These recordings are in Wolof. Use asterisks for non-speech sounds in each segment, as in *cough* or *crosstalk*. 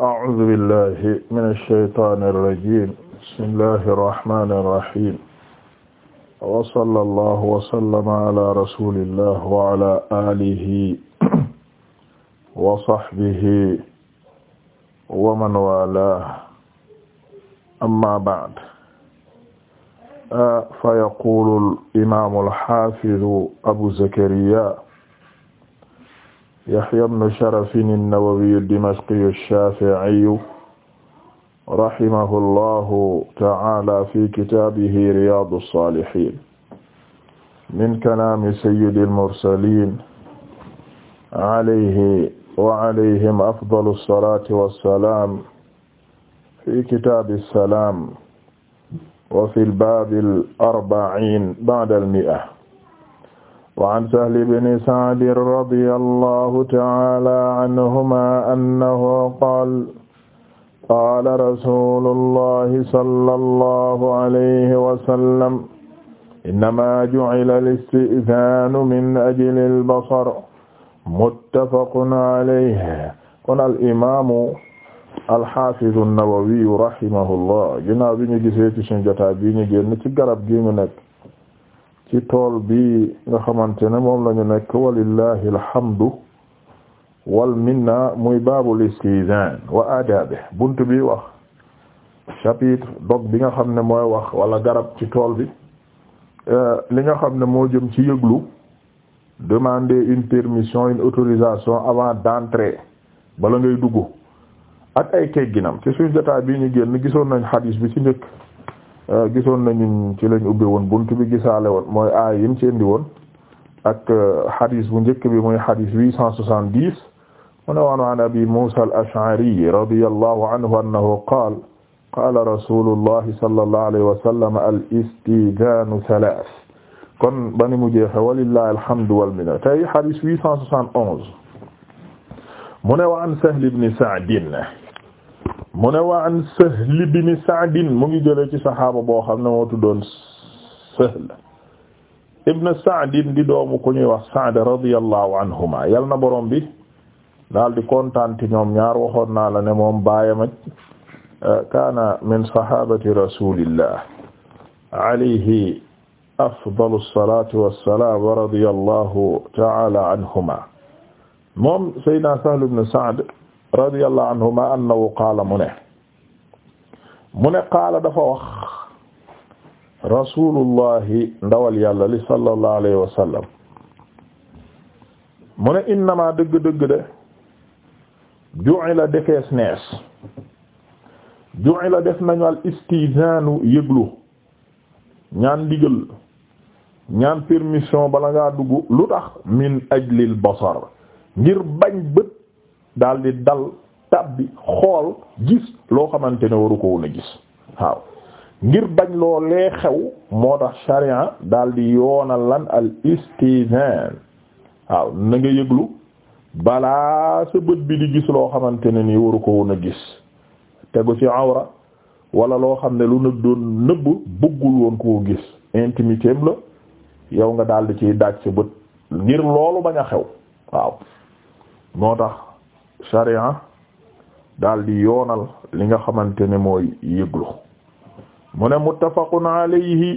أعوذ بالله من الشيطان الرجيم بسم الله الرحمن الرحيم وصلى الله وسلم على رسول الله وعلى آله وصحبه ومن والاه أما بعد فيقول الإمام الحافظ أبو زكريا Yahya ibn Sharafin an-Nawawi ad-Dimashqi ash-Shafi'i rahimahullahu ta'ala fi kitaabihi Riyadu as-Salihin min kalaami sayyidil mursalin alayhi wa alayhim afdalu as-salati was-salam fi kitaabi as-salam wa fil baabil arba'iin ba'da al-mi'a wa an Sahl ibn Sa'd radiyallahu ta'ala anhuma annahu qaala qaala rasuulullahi sallallahu alayhi wa sallam innamaa ju'ila al-isti'zaanu min ajli al-basar muttafaqun alayhi kon al-imaamu al-haafizu an-Nawawi rahimahullah ginnaaw bi ñu gisee ci sunu jotaay bi ñu génn ci garab gi ñu nekk ci tool bi nga xamante ne moom lañu nekk walillahi alhamdu wal minna muy baabul istizan wa adabe bunt bi wax chapitre dog bi nga xam ne mooy wax wala garab ci tool bi euh, li nga xam ne moo jëm ci yëglu demander une permission une autorisation avant d'entrer bala ngay dugg ak ay tegginam ci suñu jotaay bi ñu génn gisoon nañ xadiis bi ci njëkk Euh, gisoon nañu ci lañ ubbi woon buntu bi gisaale woon mooy aay yim ci indi woon ak euh, xadis bu njëkk bi mooy xadis huit cent soixante-dix mu ne woon an abi Muusa al-Ash'ari radiyallahu anhu annahu qaala qaala rasuulullahi sallallahu alayhi wa sallam al-isti'zaanu thalath kon bani mu jeexe walillahi alhamdu wal minna tey xadis huit cent soixante et onze mu ne wa an Sahl ibn Sa'd mu ne wa an Sahl ibn Sa'd mu ngi jëlee ci saxaaba boo xam ne moo tuddoon Sahl ibn Sa'd di doomu ku ñuy wax Sa'd radiyallahu anhuma yal na borom bi daal di kontaan ci ñoom ñaar waxoon naa la ne moom baayam eh, kaana min saxaabati rasulillah alayhi afdalu salaatu wa salaam wa radiyallahu ta'ala anhuma moom Seydina Sahl ibn Sa'd radiyallahu anhuma annahu qaala mu ne mu ne qaala dafa wax rasulullahi ndawal yàlla li sallallahu alayhi wa sallam mu ne innama dëgg-dëgg de ju'ila defees nees ju'ila def nañu al istizanu yëglu ñaan digal ñaan permission bala ngaa dugg lu tax min ajlil basar ngir bañ bët daal di dal tabbi xool gis loo xamante ne waru ko woon a gis waaw ngir bañ loolee xew moo tax sharia daal di yoonal lan al istizan waaw na nga yëglu balaa sa bët bi di gis loo xamante ne nii waru ko woon a gis tegu ci awra wala loo xam ne lu nëb nëbb bëggul woon koo gis intimité la yow nga daal ciy daaj sa bët ngir loolu bañ a xew waaw moo tax sharia daal di yoonal li nga xamante ne mooy yëglu mu ne muttafaqun alayhi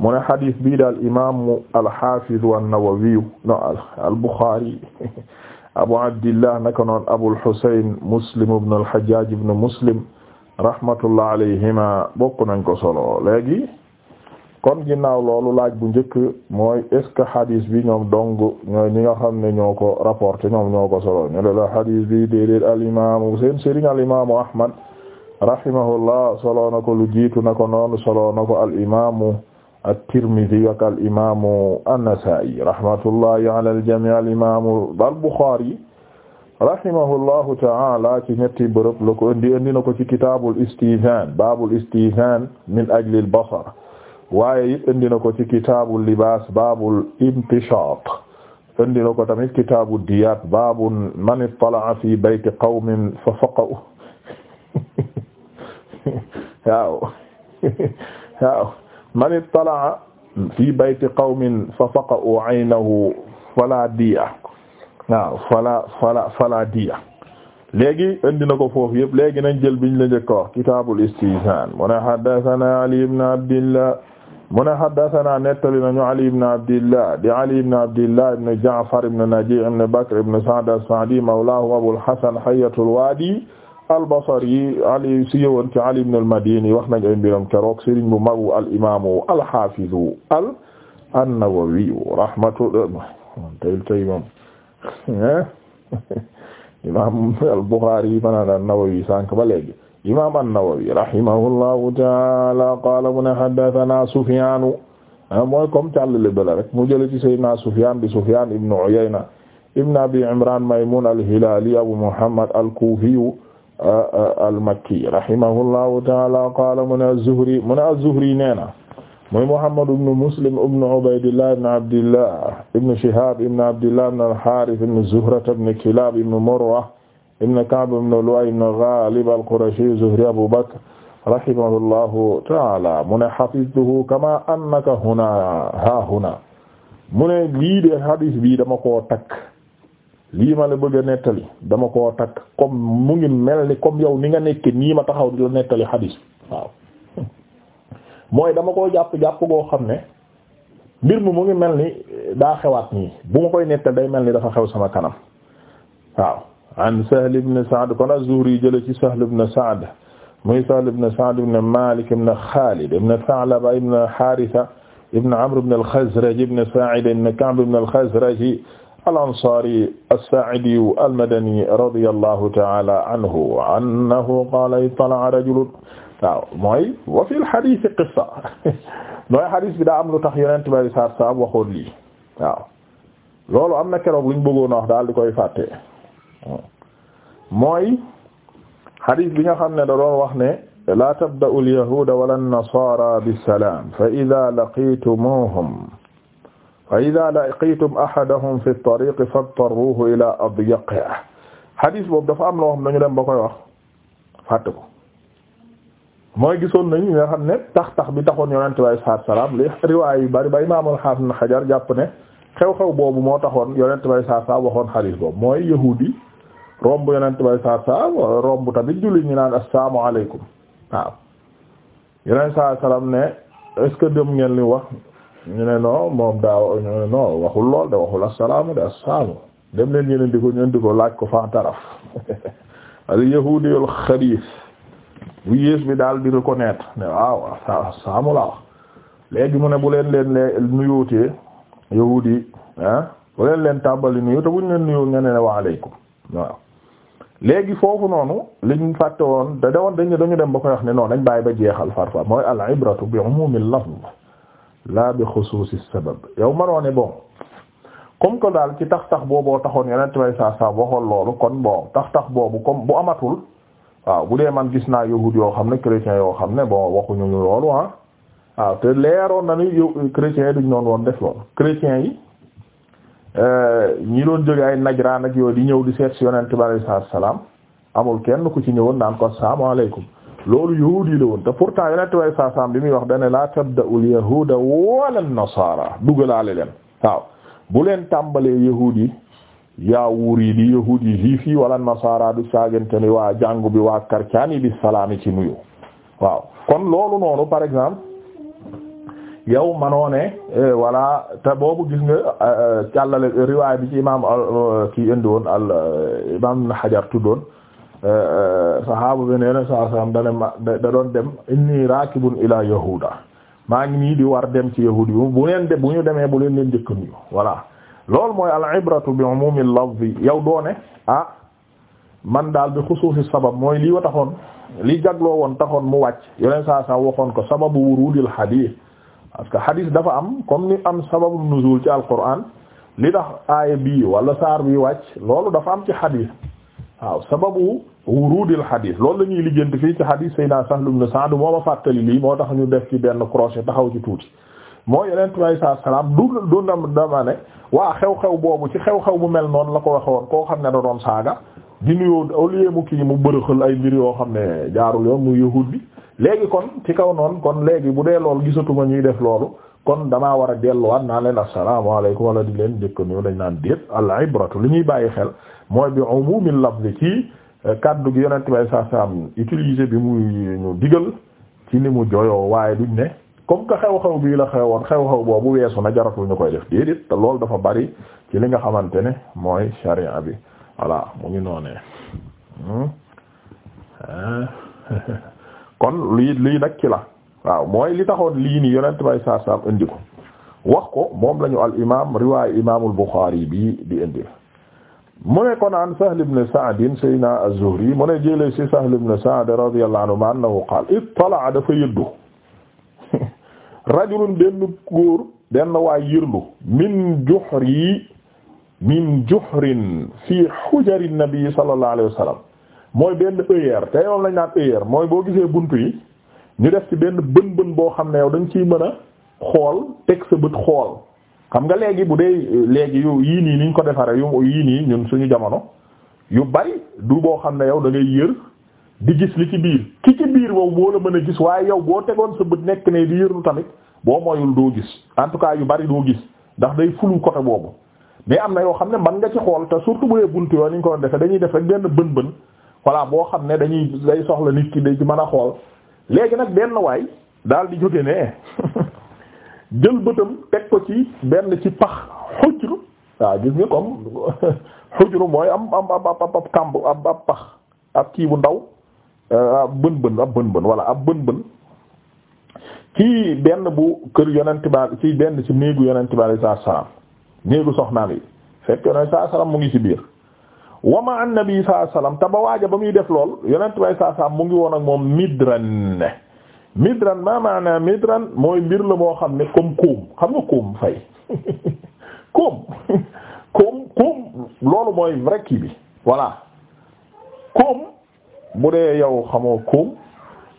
mu ne xadis bii daal imaamu alxafidu annawawiyu no albuxaari abu abdillah naka noon abul xusayn muslim ibn alhajjaj ibn muslim rahmatullah alayhima bokk nañ ko solo léegi kon ginnaaw loolu laaj bu njëkk mooy est ce bi ñoom dong ñooy ñi nga xam ne ñoo ko rapporté ñoom ñoo ko solo ñu ne la hadis bi déedéet al imaamu seen sëriñ al imaamu Ahmad rahimahullah solo na ko lu jiitu na ko noonu solo na ko al imaamu ak al imaamu an-Nasaa'i rahmatullahi ala al jamii al imaamu al Bukhari ta'ala ci ñetti bërëb la ko indi na ko ci kitaabul waaye it indi na ko ci kitaabul libaas baabul imtishaat indi na ko tamit kitaabu diyaat baabu man ittala'a fi bayti qawmin fa faqa'u waaw waaw man ittala'a fi bayti qawmin fa faqa'u 'aynahu fala diya waaw fala fala fala diya léegi indi na ko foofu yëpp léegi nañ jël biñ la njëkk a wax kitaabul istizaan mu ne haddathana Ali ibn Abdillah mu ne haddathana nettali nañu Ali ibn Abdillah di Ali ibn Abdillah ibn Ja'far ibn Naji' ibn Bakr ibn Sa'd as-Sa'di mawlahu Abul Hasan Hayyatul Wadi al-Basri Ali si yowoon ci Ali ibn al-Madini wax nañ ay mbiram keroog sëriñ bu magu al-imaamu al-haafizu an-Nawawi rahmatullahi tey tey moom *laughs* imaam al-Bukhari yi ma naan an-Nawawi sànq ba léegi imam an-Nawawi rahimahullahu taala qaala mu ne haddathana Sufyaan ah, mooy comme càllale bala rek mu jële ci sayyidina Sufyaan di Sufyaan ibn Uyayna ibn Abi Imraan Maymuun al-Hilaali Abu Muhammad al-Kuufi ah, al-Makki rahimahullahu taala qaala mu ne az-Zuhri mu ne az-Zuhri nee na mooy Muhammad ibn Muslim ibn Ubaydillah ibn Abdillah ibn Shihaab ibn Abdillah ibn al-Haarith ibn Zuhra ibn Kilaab ibn Murra ibn na ibn Lu'ay ibn Ghalib al-Qurashi az-Zuhri Abu Bakr rahimahullahu ta'ala mu ne hafiztuhu kama huna ha huna mu ne lii de hadis bi dama koo takk lii ma la bëgg nettali dama koo takk comme mu ngi mel ni comme yow ni nga nekk nii ma taxaw di la nettali hadis waaw *laughs* mooy dama koo jàpp jàpp goo xam ne mbir mi mu ngi mel ni daa xewaat nii bu ma koy nettali day mel ni dafa xew sama kanam waaw an Sahl ibn Sa'd kon az-Zuhri jële ci Sahl ibn Sa'd muy Sahl ibn Sa'd ibn Malik ibn Khalid ibn Tha'laba ibn Haritha ibn Amr ibn al-Khazraj ibn Sa'id ibn Ka'b ibn al-Khazraji al-Ansari as-Sa'idi al-Madani radiyallahu ta'ala anhu annahu qala ittala'a rajulun waaw mooy wa fil hadith qissa mooy hadith bi daa am lu tax Yonent bi sallallahu alayhi wa sallam waxoon lii waaw loolu am na keroog luñ bëggoon a wax daal di koy fàtte mooy hadith bi nga xam ne da wax ne la tabda'u al-yahuda wala an-nasara bis-salam fa idha laqitumuhum laqitum ahadahum fi at-tariq fadtarruhu ila adyaqihi hadith boobu dafa am loo xam ne dañu dem ba koy wax fàtte ko mooy gisoon nañu nga xam ne tax tax bi taxoon yonent bi alayhi salaatu salaam li riwaay yu bari ba imaamul xaafis na xajar jàpp ne xew-xew boobu moo taxoon yonent bi alayhi salaatu salaam waxoon xadiis boobu mooy yahuudi romb yonent bay saa saa romb tamit julli ñu naan assalaamu alaykum waaw yeneen saa salaam ne est dem ngeen li wax ñu ne non moom daa waxul lool de waxul assalaamu de assalaamu dem leen ñu di ko ñu di ko laaj ko fa taraf *laughs* al yahudiyul xabiis bu yées bi daal di reconnaître ne waaw assalaamu la wax léegi mu ne bu leen leen lee nuyootee yahudi ah, bu leen leen tàmbali nuyu te buñ leen nuyoo ngeen ne waaleykum waaw léegi foofu noonu liñ fàtte woon da dawoon dañ dañu dem ba koy wax ne non dañ bàyyi ba jeexal far mooy al ibratu bi umumil lafz la bi xusuusi sabab yow mënoo ne bon comme que daal ci tax tax booboo taxoon yeneen tubay saa saa waxoon loolu kon bon tax tax boobu comme bu amatul waaw bu dee man gis naa yahud yoo xam ne chrétiens yoo xam ne boo waxuñu ñu loolu ah waaw te leeroon na ni yow chrétiens yi duñ noonu woon def loolu chrétiens yi. Euh, ñi doon jóge ay Najraan ak yooyu di ñëw di seet si yonent bi alayhi salaam amul kenn ku ci ñëwoon naan ko assalamu alaykum loolu yahuudi la woon te pourtant yonent bi alayhi salaam bi muy wax dane la tabda'ul yahuuda wala nasaara dugalaale leen waaw bu leen tàmbalee yahuudi yaawuur yi di yahuudi juif wala nasaara du saagante ni waa jàngu bi waa karcaan yi bi salaami ci nuyu waaw kon loolu noonu par exemple yow manoo ne eh, voilà te boobu gis nga eh, eh, càllale riwaay bi ci imaam kii indi woon al imaam na xajar tuddoon sahaaba bi nee na saa da maa ngi nii di war dem ci yahudi yi ñu demee bu leen leen njëkk nuyu voilà loolu mooy al ibratu yow doone ah daal bi mooy lii wa taxoon li woon taxoon mu wàcc yeneen saa saa waxoon ko sababu wurudil hadith parce que hadith dafa am comme ni am sababu nuzul ci alquran li tax aaya bii wala saar bi wàcc loolu dafa am ci hadith waaw sababu wurudil hadith loolu la ñuy lijjanti fii ci hadith Seydina Sahl ibn Sa'd moo ma fàttali lii moo tax ñu def ci benn crochet taxaw ci tuuti. moo yeneen tubaab yi saa salaam du du dama ne waa xew-xew boobu ci xew-xew bu mel noonu la ko waxee koo xam ne da doon saaga di nuyoo au lieu mu kii mu bërëxal ay mbir yoo xam ne jaarul yoon mu yahud bi. léegi kon ci kaw noonu kon léegi bu dee lool gisatuma ñuy def loolu kon damaa war a delluwaat naa leen assalaamu alaykum wala di leen njëkk nuyu dañ naan déet al ibratu li ñuy bàyyi xel mooy bi umumil lafzi ci euh, kaddu gi yonent bay saa saam utilisé bi muy ñu digal ci li mu joyoo waaye duñ ne comme que xew-xew bii la xewoon xew-xew boobu weesu na jaratul ñu koy def déedéet te loolu dafa bari ci li nga xamante ne mooy sharia bi voilà mu ngi noonee hmm? *laughs* ah. *laughs* kon lii lii nag ci waaw mooy li taxoon lii nii yonent bay saam indi wax ko moom lañu al imaam riwaay bi di indi mu kon an Sahl ibn Sa'd sayna az-Zuhri mu ne jëlee ci Sahl ibn Sa'd anhu ma annahu qaal dafa yëddu *laughs* rajulun benn góor benn waay yërlu min juhri min juhrin fi hujari nabi sallallahu alayhi wa mooy benn œillère te yoon lañ naan œillère mooy boo gisee bunt yi ñu def ci benn bën bën boo xam ne yow dañ ciy mën a xool teg sa bët xool xam nga léegi bu dee léegi yii nii niñ ko defaree yu yii nii ñun suñu jamono yu bari du boo xam ne yow da ngay yër di gis li ci biir ki ci biir wow boo la mën a gis waaye yow boo tegoon sa bët nekk ne di yërlu tamit boo moyul doo gis en tout cas yu bari doo gis ndax day fulu côté boobu mais am na yoo xam ne mën nga ci xool te surtout bu dee bunt yoo ni ñu ko doon defee dañuy def rek benn bën bën voilà boo xam ne dañuy day soxla nit ki day ci mën a xool léegi nag benn waay daal di jóge ne *laughs* jël bëtam teg ko ci benn ci pax xujru waaw gis nga comme *laughs* xujru mooy am am ab ab kàmb ab ab pax ab kii bu ndaw euh, ab bën bën ab bën bën ab bën bën ci benn bu kër yonent ba ci benn ci néegu yonent bi sallallahu alayhi wasallam néegu soxnaam yi fekk yonent sallallahu alayhi mu ngi ci biir wa ma annabi sallallahu alayhi wasallam te ba waaja ba muy def lool yonent bay saa mu ngi woon ak moom midran midran ma maana midran mooy mbir la boo xam ne comme koom xam nga koom fay *laughs* koom *laughs* koom koom loolu mooy vrai bi voilà koom bu dee yow xamoo koom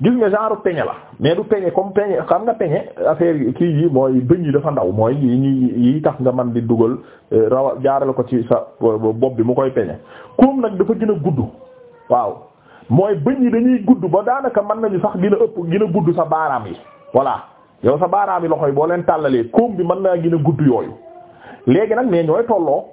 gis nga genre peñe la mais du peñe comme peñe xam nga peñe yi kii yi mooy bëñ yi dafa ndaw mooy yi ñuy yi tax nga man di dugal euh, rawa jaarale ko ci sa euh, bopp bi mu koy peñe koom nag dafa gën a gudd waaw mooy bëñ yi dañuy gudd ba daanaka mën nañu sax gën a ëpp gën a gudd sa baaraam yi voilà yow sa baaraam yi loxo yi boo leen tàllalee koom bi mën naa gën a gudd yooyu léegi nag mais ñooy tolloo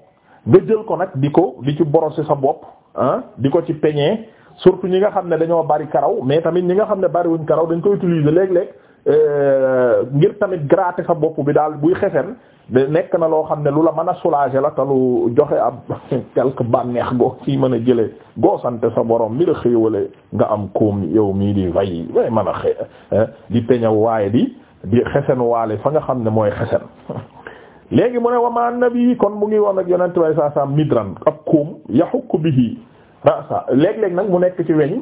nga jël ko nag di ko di ci borosé sa bopp ah di ko ci peñee surtout ñi nga xam ne dañoo bari karaw mais tamit ñi nga xam ne bariwuñ karaw dañ koy utiliser léeg-léeg euh, ngir tamit gratter sa bopp bi daal buy xesen nekk na loo xam ne lu la mën a soulager la te joxe ab *laughs* quelque bànneex goo ci mën a jëlee goosante sa borom mi la xéewale nga am koom yow mii di vay way mën a xëy di peñaw waaye di di xesen waale fa nga xam ne mooy xesen *laughs* léegi mu ne wamaa nabi kon mu ngi woon ak yonent way saa saa midran ab koom yaxukk bihi rasa léeg-léeg nag mu nekk ci weñ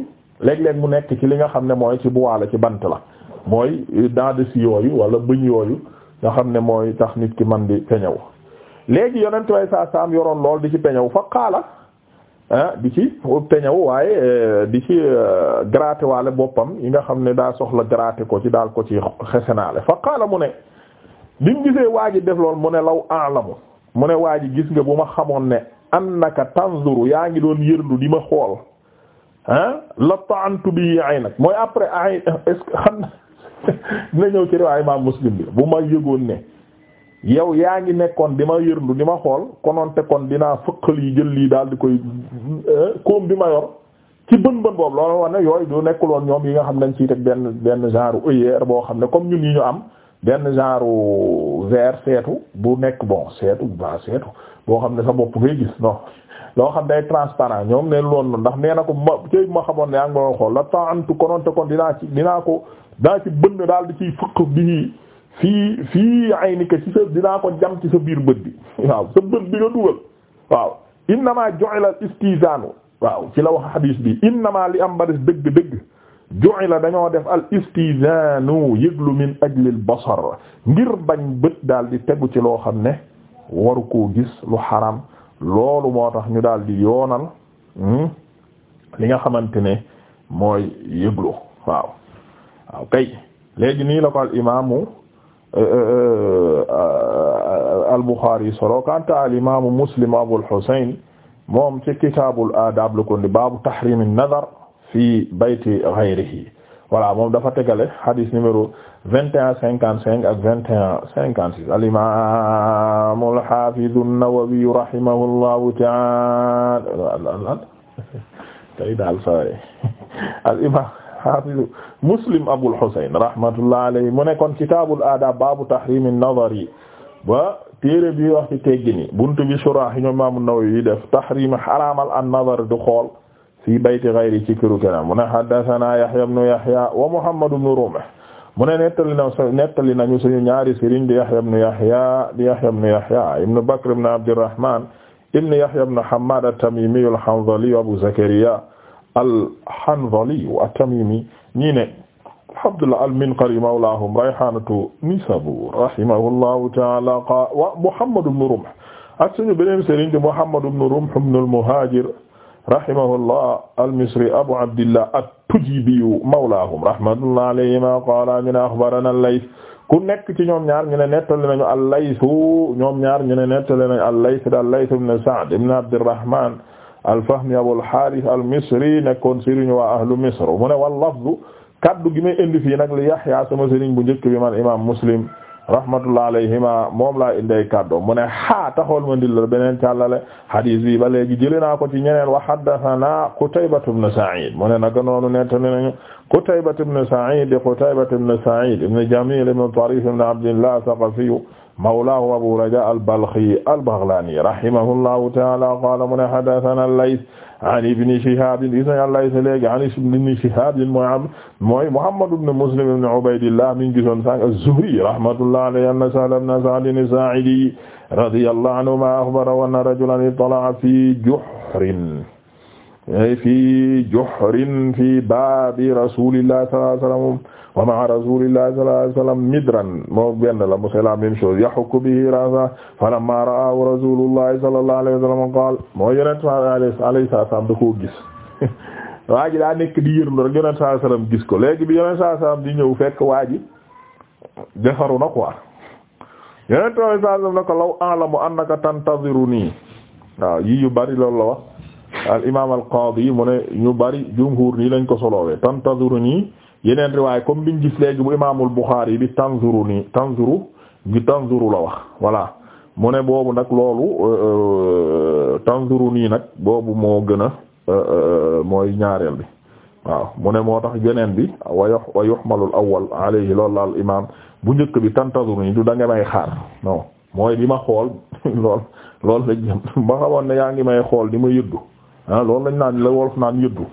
léeg-léeg mu nekk ci li nga xam ne mooy ci bois ci bant la mooy dent de scie yooyu wala bëñ yooyu nga xam ne mooy tax nit ki man di peñaw léegi yonent way saa am yoroon lool di ci peñaw fa xaala ah, di ci peñaw waaye eh, di ci eh, grate waale boppam yi nga xam ne daa soxla gratter ko ci daal ko ci xesanaale fa xaala mu ne bi gisee waa ji def lool mu ne law aalamu mu ne waa ji gis nga bu ma xamoon ne annaka tanzuru yaa ngi doon yërndu di ma xool ah la ta'antu bi aynak mooy après ay est xam na *laughs* dina ñëw ci riwaay imam muslim bi bu ma yëgoon ne yow yaa ngi nekkoon di ma yërndu di ma xool konoon te kon dinaa fëqal yi jël lii daal di koy eh, koom bi ma yor ci bën bën boobu loolu wax ne yooyu du nekkuloon ñoom yi nga xam dañ ciy teg benn benn genre œillère boo xam ne comme ñun yi ñu am benn genre verre seetu bu nekk bon seetu ba seetu boo xam ne sa bopp ngay gis non loo xam day transparent ñoom ne loolu ndax nee na ko ma cëy ma xamoon ne yaa ngi xool la temps antu konoon te kon dinaa ko dinaa ci bënn daal di ciy fëq bi fii fii ay ni que ci sa dinaa ko jam ci sa biir bët bi waaw sa bët bi nga dugal waaw innama ju'ila al-istizanu waaw ci la wax hadis bi innama li am baris dëgg-dëgg ju'ila dañoo def al istizanu yëglu min ajli al basar ngir bañ bët daal di tegu ci loo xam ne waru koo gis lu xaram loolu moo tax ñu daal di yoonal hmm, li nga xamante ne mooy yëglu waaw waaw kay léegi nii la ko al eh, eh, eh, solo kanta al Muslim Abul Husayn moom ci kitaabul adab la ko baabu tahrim an fi bayti ghayrihi voilà moom dafa tegale hadis numéro 21 55 ak 21 56 al imam al hafiz an-Nawawi rahimahullahu ta'ala *laughs* tay daal saway *laughs* al imam hafiz Muslim Abul Husayn rahmatullahi alayhi mu nekkoon kitabul adab babu tahrim an-nazari ba téere bi wax ci teggini buntu bi surah yi ñoom imam an-Nawawi def tahrim haramal an-nazar du xool fi bayti ghayri ci këru keneen mu ne haddathana Yahya ibn Yahya wa Muhammad ibn Rumh mu ne nettali na nettali nañu suñu ñaari sëriñ di Yahya ibn Yahya di Yahya ibn Yahya ibn Bakr ibn Abdurrahman ibn Yahya ibn Hammad at-Tamimi al-Hanzali Abu Zakariya al-Hanzali at-Tamimi ñi ne Abdullah al-Minqari mawlahum rayhanatu Nisabur rahimahullahu ta'ala wa Muhammad ibn Rumh ak suñu beneen sëriñ di Muhammad ibn Rumh ibn al-Muhajir rahimahullah al-Misri Abu Abdillah at-Tujibi mawlaahum rahmatullah alayhima qaala ñu ne axbarana al-Layth ku nekk ci ñoom ñaar ñu ne nettali nañu al-Layth ñoom ñaar ñu ne nettali nañu al-Layth al-Layth ibn Sa'd ibn Abdirrahman al-Fahmi Abu al-Harith al-Misri nekkoon sëriñu waa ahlu Misr mu ne wal lafzu kaddu gi may indi fii nag li Yahya sama sëriñ bu njëkk bi man imaam Muslim rahmatullah alayhima moom laa inday kaddo mu ne ha taxool ma ndil la beneen càllale hadis bi ba léegi jëlee naa ko ci ñeneen wa haddathana Qutayba ibn Sa'id mu ne naka noonu nettali nañu Qutayba ibn Sa'id di Qutayba ibn Sa'id ibn Jamil ibn Tarif ibn Abdillah Thaqafi mawlahu Abu Raja al-Balkhi al-Baghlani rahimahullahu ta'ala qala mu ne haddathana al-Layth an ibni Shihab gis nañ àllay sa léegi an ibni Shihab mooy am mooy Muhammad ibn Muslim ibn Ubaydillah min gisoon sànq az-Zuhri rahmatullah alayhi anna Sahl ibn Sa'd as-Sa'idi radiyallahu anhuma akhbarahu anna rajulan ittala'a fi juhrin fi juhrin fi babi rasulillah sallallahu alayhi wasallam wa ma'a rasulillahi sallallahu alayhi wa sallam midran moo benn la mu c'est la même chose yahukku bihi ra'sahu falamma ra'ahu rasulullahi sallallahu alayhi wa sallam qaala moo yonent alayhi salaam da koo gis *laughs* waa ji daa nekk di yërlu rek yonent sallallahu alayhi wa sallam gis ko léegi bi yonent sallallahu alayhi wa sallam di ñëw fekk waa ji defaru na quoi yonent sallallahu alayhi wa sallam nako law a'lamu annaka tantaziruni waaw yii yu bari loolu la wax al imam al qaadi mu ne ñu bari jumhur nii lañ ko solowee tantaziruni yeneen waaye comme biñ gis léegi bu imaamul Buxaari bi tanzuru nii tanzuru gi tanzuru la wax voilà mu ne boobu nag loolu euh, euh, tanzuru nii nag boobu moo gën a euh, mooy ñaareel bi waaw mu ne moo tax beneen bi wa yox wa alayhi loolu la imaam bu njëkk bi tantadur nii du da may xaar non mooy li ma xool *laughs* lool lool la jëm ba xamoon ne yaa ngi may xool di ma yëddu ah loolu lañ naan la wolof naan yëddu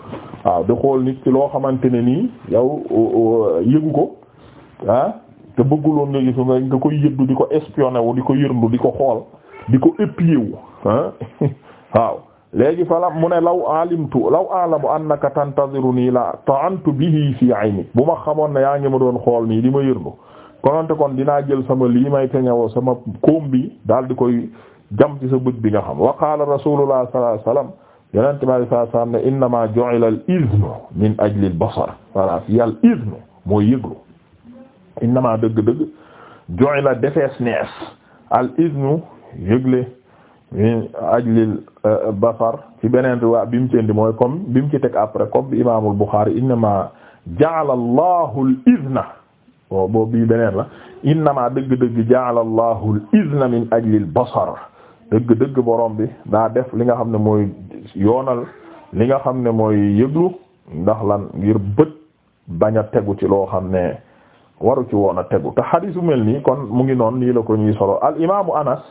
waaw di xool nit ci loo xamante ne nii yow euh, yëgu ko ah te bëgguloon nga gis nga nga koy yëddu di ko espionné wu di ko yërndu di ko xool di ko épier wu ah *laughs* waaw léegi fala mu ne law alimtu law alamu annaka tantaziru nii la ant ta'antu bihi fi ayni bu ma xamoon ne yaa ngi ma doon xool nii li ma yërndu kononte kon dinaa jël sama lii may peñawoo sama koom bi daal di koy jam ci sa bët bi nga xam wa qala rasulullah yonent bi sallallahu alayhi wa sallam ne innama ju'ila al min ajli al-basar voilà fi al mooy yëglu innama dëgg-dëgg ju'ila defees nees al yëgle min ajlil basar fi beneen riwaa bi mu ci indi mooy comme bi mu ci teg après comme bi imaamul Buxaari innama ja'ala Allahu al-izna waaw boobu bii beneen la innama dëgg al basar dëgg-dëgg borom bi daa def li nga xam ne mooy yoonal li nga xam ne mooy yëglu ndax lan ngir bët bañ a tegu ci loo xam ne waru ci woon a tegu te xadiis mel ni kon mu ngi noon nii la ko ñuy solo al imaamu anas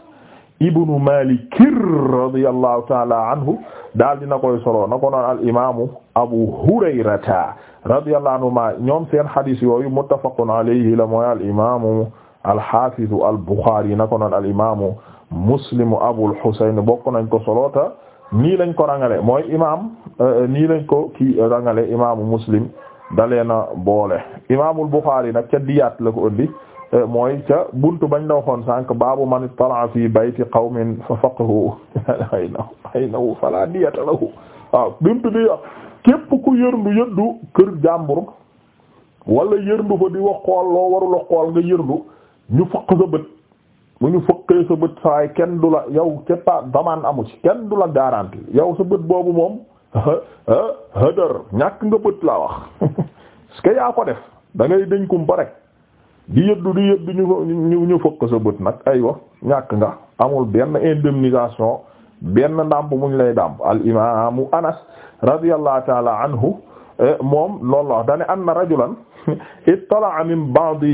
ibnu malik radiyallahu taala anhu daal dina koy na ko noon al imaamu abu ñoom seen xadiis yooyu muttafaqun alayhi la mooy al imaamu al xaafizu al buxaari na ko al imaamu muslimu abul xusayn bokk nañ ko solota nii lañ ko rangale mooy imaam euh, nii lañ ko ki rangale imaamu muslim dalee na boole imaamul buxaari nag ca diyaat la ko ëndi euh, mooy ca bunt bañ la waxoon sànq baabu man ittala'a fi bayti qawmin fa faqahu *laughs* ay na ay nawu fala diyata lahu waaw buntu bi képp ku yërndu yëddu kër jàmbur wala yërndu fa di wax xool loo warula xool nga yërndu ñu faq sa bët bu ñu fëkkee sa bët saay kenn du la yow ca pa damaan amu ci kenn du la garanti yow sa bët boobu moom hadar *laughs* ñàkk nga bët laa wax parce *laughs* que yaa ko def da ngay dañ kumpa rek di yëddu di yëddu ñu ñu fëkk sa bët nag aywa ñàkk nga amul benn indemnisation benn ndàmp muñ lay dàmp al imaamu anas radiyallahu taala anhu eh, moom loolu la wax dane anna rajulan *laughs* ittala'a min ba'di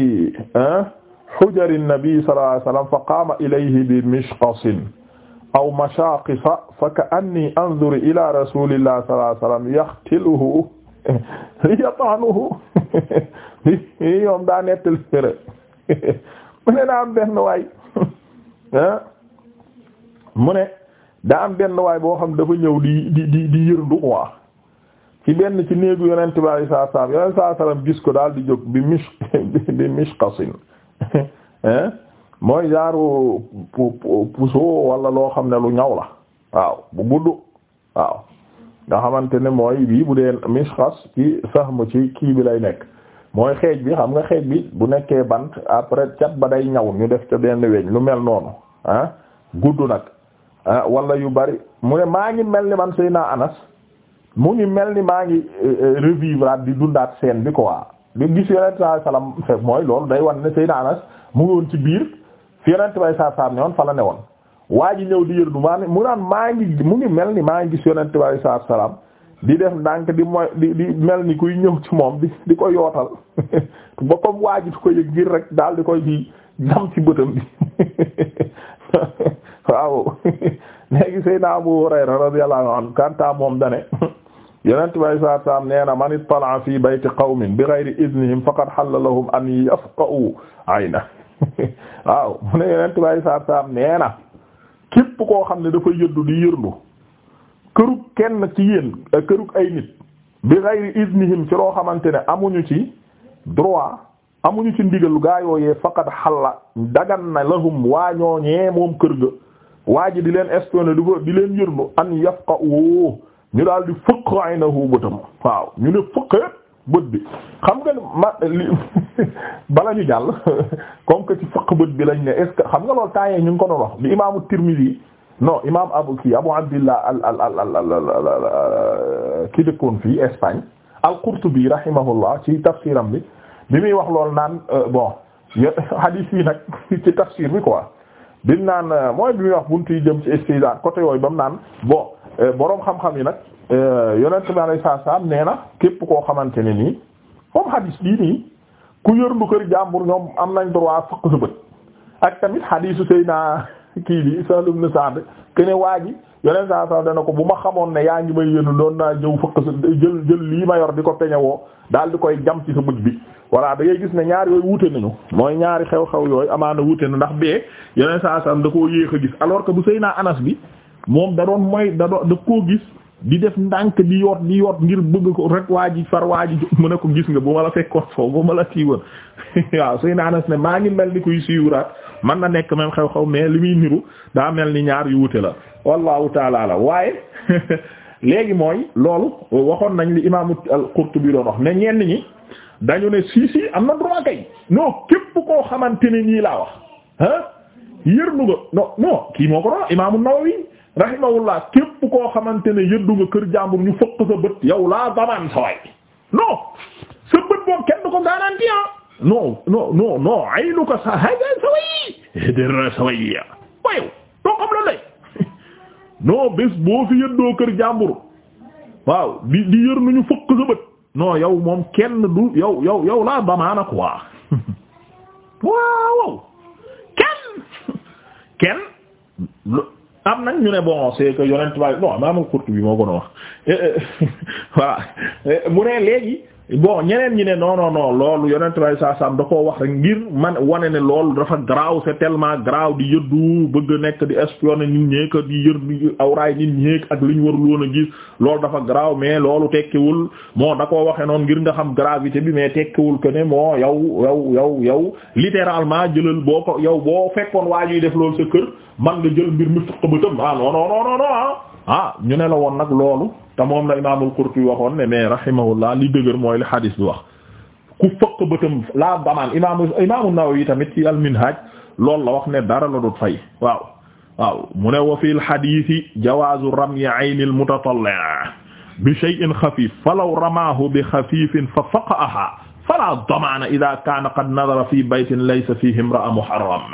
hujari nabi sallallahu alayhi wa sallam fa qaama ilayhi bi mishqasin aw mashaqisa fa ka'anni anzuru ila rasulillahi sallallahu alayhi wa sallam yaxtiluhu li *laughs* yata'anuhu li *laughs* ñoom daa nettali *laughs* fële mu ne daa am benn waay ah mu ne daa am benn waay boo xam dafa ñëw di di di di yërndu quoi ci benn ci néegu yonent bi sallallahu alayhi wa sallam yonent sallallahu alayhi wa sallam gis ko daal di jóg bi mish bi mishqasin *laughs* Eh? mooy jaaru puso walla loo xam ne lu ñaw la waaw bu gudd waaw nga xamante ne mooy bii bu dee misxas ci sahm ci kii bi lay nekk mooy xeej bi xam nga xeej bi bu nekkee bant après cat ba day ñaw ñu def ca benn weñ lu mel noonu ah gudd nag ah, wala yu bari mu ne maa ngi mel ni man Seydina Anas mu ngi mel ni maa ngi eh, eh, revivre di dundaat seen bi quoi nga gis yonent saa salaam fekk mooy lool day wan ne Seydina mu ngi woon ci biir fi yonent bay saa saa ne woon fa ne woon waa ji ñëw di yërdu maa ne mu naan maa ngi mu ngi mel ni maa ngi gis yonent bay saa salaam di def ndànk di mooy di mel ni kuy ñëw ci moom di di ko yootal *laughs* ba comme waa ji di ko yëg ngir rek daal di koy ci jam ci bëtam bi *laughs* waaw *laughs* léegi Seydina Abu Hurayra radiyallahu anhu kanta moom dane yonent bay saa saam nee na man ittala'a fi bayti qawmin bi ghayri idnihim faqad halla lahum an yafqa'u ayna *laughs* waaw mu ne yonent bay saa saam nee na koo xam ne dafa yëddu di yërlu kërug kenn ci yéen eh, kërug ay nit bi ghayri idnihim ci loo xamante ne amuñu ci droit amuñu ci ndigalu gaa yooyee faqad halla dagan na lahum waa ñooñee moom kër ga waa ji di leen espionné di ko di leen yërlu an yafqa'u ñu daal di fëq aynahu bëtam waaw ñu ne fëq bët bi xam nga ma li *laughs* bala ñu jàll *laughs* comme que ci fëq bët bi lañ ne est ce que xam nga loolu temps ñu ngi ko doon wax li imaamu Tirmidhi non imaam abu kii abu abdillah al al al al ki dëkkoon fii Espagne al-Qurtubi rahimahullah ci tafsiram bi bi muy wax lool naan euh, bon *laughs* hadith yi nag ci tafsir bi quoi bi mu naan euh, mooy bi muy wax buntu yi jëm ci istizaan côté yooyu ba mu naan bon. Euh, boroom xam-xam yi nag euh, yonent bi alayhi salaam nee na képp koo xamante ne nii comme hadis bii nii ku yërndu kër jàmbur ñoom am nañ droit faq sa bët ak tamit hadisu Seyna *laughs* kii bi Sahl ibn Sa'd kene waa ji yonent saa saa dana ko bu ma xamoon ne yaa ngi may yëndu doon naa jëw fëkk sa jël jël lii ma yor di ko peñewoo daal di koy jam ci sa bët bi voilà da ngay gis ne ñaar yooyu wuute nañu mooy ñaari xew-xew yooyu amaana wuute na ndax bee yonent saa saa da koo yéex que bu sëy naa Anas bi moom da doon mooy da doon da koo gis di def ndànk di yoot di yoot ngir bëgg ko rek waa ji far waa ji *laughs* mën ne ko gis nga bu ma la fekkoon *laughs* foofu bu ma la siiwoon *laughs* waaw suy naanas ne maa ngi mel ni kuy siiwuraat man na nekk même xew-xew mais li muy niru daa mel ni ñaar yu wute la wallahu taala waaye léegi mooy loolu waxoon nañ li imaamu al-Qurtubi doon wax ne ñenn ñi dañu ne si si am na droit kay non képp koo xamante ne nii laa wax ah yërnu nga non kii moo ko rahimahullah képp koo xamante ne yëddu kër jàmbur ñu fëkk sa bët yow laa damaan sa waay non sa kenn ko garanti ah non non non non aynu ah. ko sa haja sa wayi dra la lay non boo fi yëddoo kër jàmbur waaw di di yër nu ñu fëkk sa bët non yow moom kenn du yow laa damaana quoi *laughs* waaw kenn *laughs* kenn am nañ ñu ne bon c'est que yonent bi bon Imam Qurtubi moo gën a wax *laughs* voilà eh, mu ne léegi bon ñeneen ñi ne non non loolu yonent bay saa saam da koo wax rek ngir man wane ne loolu dafa garaaw c'est tellement garaaw di yëddu bëgg nekk di espionner nit ñeek di yër awraay nit ñeek ak li ñu warul woon a gis loolu dafa garaaw mais loolu tekkiwul moo da koo waxee noon ngir nga xam gravité bi mais tekkiwul que ne moo yow yow yow yow littéralement jëlal boo ko yow boo fekkoon waa yi def loolu sa kër man nga jël mbir mi fëq ba tëm ah non ah, ah, la woon nag loolu. te moom la imaamul Qurtubi waxoon ne mais rahimahullah li dëgër mooy li hadis bi wax ku fëq bëtam laa damaan imaamu imaamu Nawawi tamit ci al-Minhaj loolu la wax ne dara la dut fay waaw waaw mu ne wa fi al-hadith jawaazu ramyi ayni al-mutatalli' bi shay'in xafiif falaw ramaahu bi xafiifin fa faqa'ahaa falaa damaana idaa kaana qad nadara fii baytin laysa fiihi imra'a muharram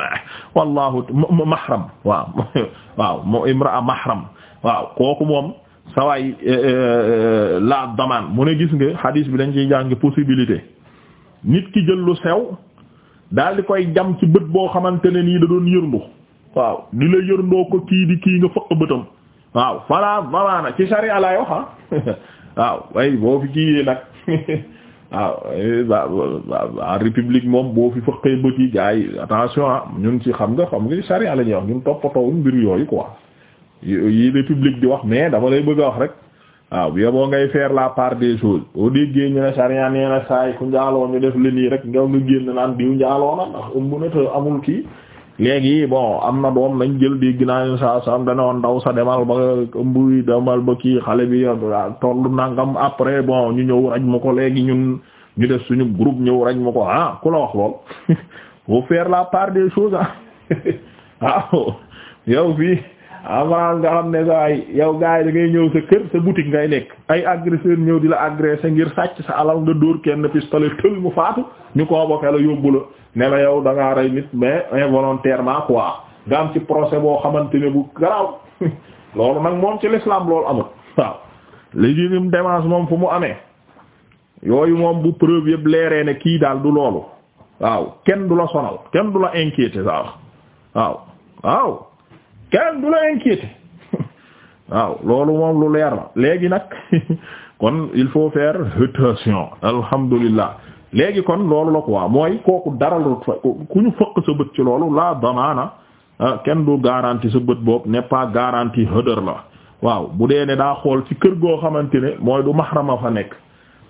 wallaahu mahram waaw *laughs* waaw mu imra'a mahram waaw kooku moom sawaay eh, eh, eh, la damaan mu ne gis nga hadis bi dañ ciy jàng possibilité nit ki jël lu sew daal di koy jam ci bët boo xamante ne nii da doon yërndu waaw di la yërndoo ko kii di kii nga fëq bëtam waaw falaa damaana ci sharia lay wax ah. *laughs* waaw way boo fi kii yee nag *laughs* waaw république moom boo fi fëqee bët yi gars yi attention ah ñun ci xam nga xam nga sharia la ñuy wax ñun toppatoo mbir yooyu quoi yi le public di wax mais dama lay bëgg a wax rek waaw yeboo ngay faire la part des choses boo déggee ñu ne ñu def leen rek nga nga génn naan diw njaaloo na ndax ëmb kii léegi bon am na doom nañ jël dégg naa ne saa saa ndaw sa demal ba ëmb yi demal xale bi tollu nangam après bon ñu ñëw raj ma ko léegi ñun ñu suñu groupe ñëw raj ma ko ah ku la wax *laughs* la ah. *laughs* waaw yow fii. avance nga xam ne saa yi yow gars yi da ngay ñëw sa kër sa butik ngay nekk ay agresseur ñëw di la agresser ngir sàcc sa alal nga dóor kenn pistolet tël mu faatu ñu convoqué la yóbbu la ne la yow da ngaa rey nit mais involontairement quoi nga am ci procès boo xamante ne bu garaaw *laughs* loolu nag moom ci l'islam loolu amul waaw légitime défense moom fu mu amee yooyu moom bu preuve yëpp leeree ne kii daal du loolu waaw kenn du la sonal kenn du la inquiéter saa kenn du la inquiété *laughs* waaw loolu moom lu leer la léegi nag *laughs* kon il faut faire attention alhamdulillah léegi kon loolu la ko quoi mooy kooku dara lu ku ñu fëq sa bët ci loolu laa damaana ah, kenn du garanti sa bët boobu n'est pas garantie hëdër la waaw bu dee ne daa xool ci kër goo xamante ne mooy du maxrama fa nekk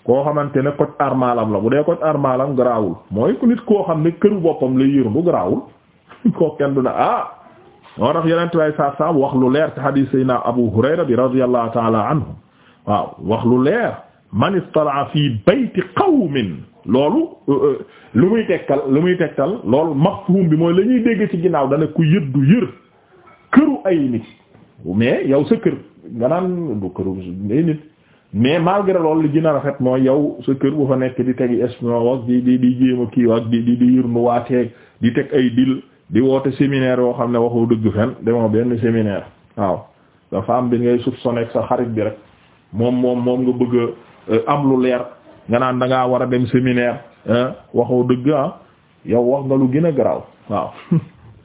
koo xamante ne koc armalam la bu dee koc armalam garaawul mooy ku nit koo xam ne këru boppam la yërndu garaawul *laughs* koo kenn du na ah moo tax yenent way sa sam wax lu leer ci hadis sayna Abu Hurayra bi radiyallahu ta'ala anhu waaw wax lu leer man istala fi bayti qawmin loolu euh, euh, lu muy tegtal lu muy tegtal lool mafhum bi mooy la ñuy dégg ci ginnaaw dana ku yëddu yër këru ay nit mais yow sa kër nga naan du këru nit mais malgré loolu li gën a rafet mooy yow sa kër bu fa nekk di tegi espion ak di di di jéem a kii ak di di di yër nu waateeg di teg ay dil di woote séminaire yoo xam ne waxoo dëgg fen demoo benn séminaire waaw dafa am bi ngay soupçonné ak sa xarit bi rek moom moom moom nga bëgg euh, am lu leer nga naan da ngaa war a dem séminaire waxoo dëgg ah yow wax nga lu gën a garaaw waaw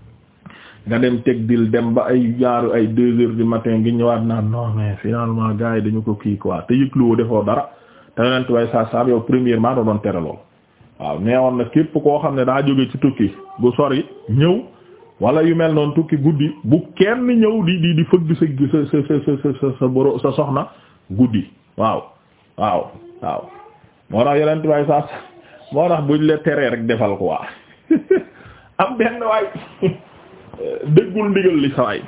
*laughs* nga dem teg dil dem ba ay jaaru ay deux heures du matin gi ñëwaat naan non mais finalement gars yi dañu ko kii quoi te yëgluwoo defoo dara te yonent way sa sam yow premièrement da doon tere lool waaw neewoon na képp koo xam ne daa jóge ci tukki bu sori ñëw wala yu mel noonu tukki guddi bu kenn ñëw di di di fëgg sa sa sa sa sa boro sa soxna guddi waaw waaw waaw moo tax yeneen tubaab sax moo tax buñ la rek defal ko *laughs* am benn waay *laughs* déggul ndigal li sawaay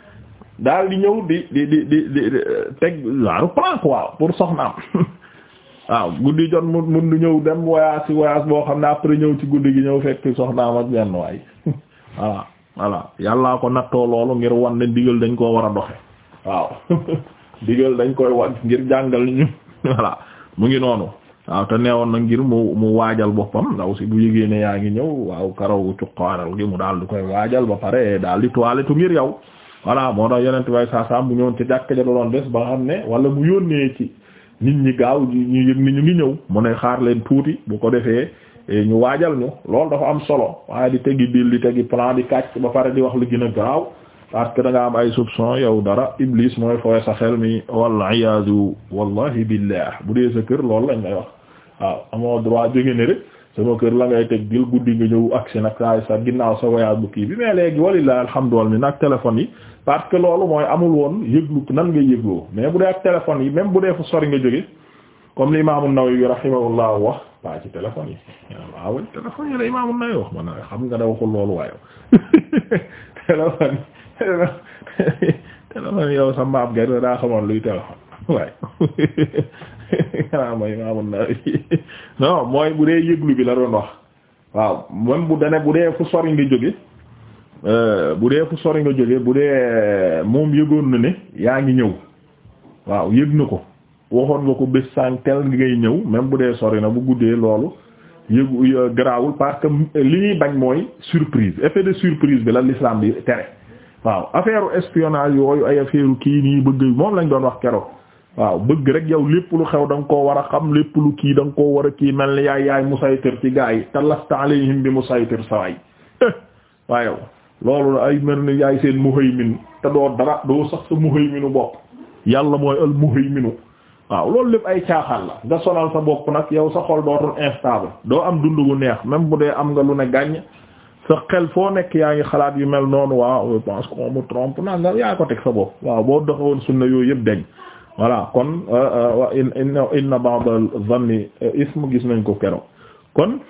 *laughs* daal di ñëw di di di di di teg waaru plan quoi pour soxnaam waaw guddi jot mu mun du ñëw dem voyage si boo xam ne après ñëw ci guddi gi ñëw fekk soxnaam ak benn waay *laughs* voilà voilà yàllaa ko nattoo loolu ngir wan ne digal dañ koo war a doxe waaw *laughs* digal dañ koy wan ngir jàngal ñu *laughs* voilà mu ngi noonu waaw te neewoon na ngir mu mu waajal boppam ndaw si bu yëgee yaa ngi ñëw waaw karawu cuqaaral gi mu daal di koy waajal ba pare daal di toilette ngir yow voilà moo tax yeneen tubaab yi bu ñëwoon ci jàkka ja doon des ba xam ne wala mu yónnee ci. nit ñi gaaw ñu yëg ni ñu ngi ñëw mu ne xaar leen tuuti bu ko defee eh, ñu waajal ñu loolu dafa am solo waaye di tegi bill di tegi plan di kàcc ba pare di wax lu gën a gaaw parce que da am ay soupçon yow dara iblis mooy fooy sa xel mi wal iyaadu wallahi billah bu dee sa kër loolu lañ lay wax waaw amoo droit jóge ne rek sama kër la ngay teg dil guddi nga ñëw agsi nag saa sa ginnaaw sa voyage bu bi mais léegi walilah alhamdulilah mi nag téléphone yi parce que loolu mooy amul woon yëglu nan nga yëgloo mais bu dee ak téléphone yi même bu dee fu sori nga jóge comme li Imam An-Nawawi rahimahullah wax pas ci téléphone yi waaw téléphone yi la Imam An-Nawawi wax ma a xam nga da waxul loolu waaye *laughs* téléphone téléphone yow sa mbaam gay daa xamoon luy téléphone *laughs* waaye *laughs* garaama *laughs* Imaam An-Nawawi *laughs* non mooy bu dee yëglu bi la doon wax waaw même bu dane euh, bu dee fu sori nga jóge bu dee fu nga jóge bu dee moom yëgoon na ne yaa ngi ñëw waaw yëg na ko waxoon nga ko bés sàntel ngay ñëw même bu dee sori na bu guddee loolu yëgu euh, garaawul parce que li ñuy bañ mooy surprise effet de surprise bi la lislaam bi tere waaw affaire espionnage yooyu ay affaire kii nii bëgg moom lañ doon wax keroog. waaw bëgg rek yow lépp lu xew da nga war a xam lépp lu kii da nga koo war a kii mel ni yaay yaay musaytir ci gaa yi te lasta alayhim bi musaytir ay waaye eh, yow loolu ay mel ni yaay seen muhaymin te doo dara doo sax sa muhayminu bopp yàlla mooy al muhayminu waaw loolu lépp ay caaxaan la nga sonal sa bopp nag yow sa xol dootul instable doo am dund gu neex même bu dee am nga lu ne gàññ sa xel foo nekk yaa ngi xalaat yu mel noonu waaw je pense qu'on me trompe yaa ko sa bopp waaw boo doxewoon sunna yooyu yëpp deñ voilà kon euh, euh, wa inna ba'da dhanni euh, ism gis nañ ko kero kon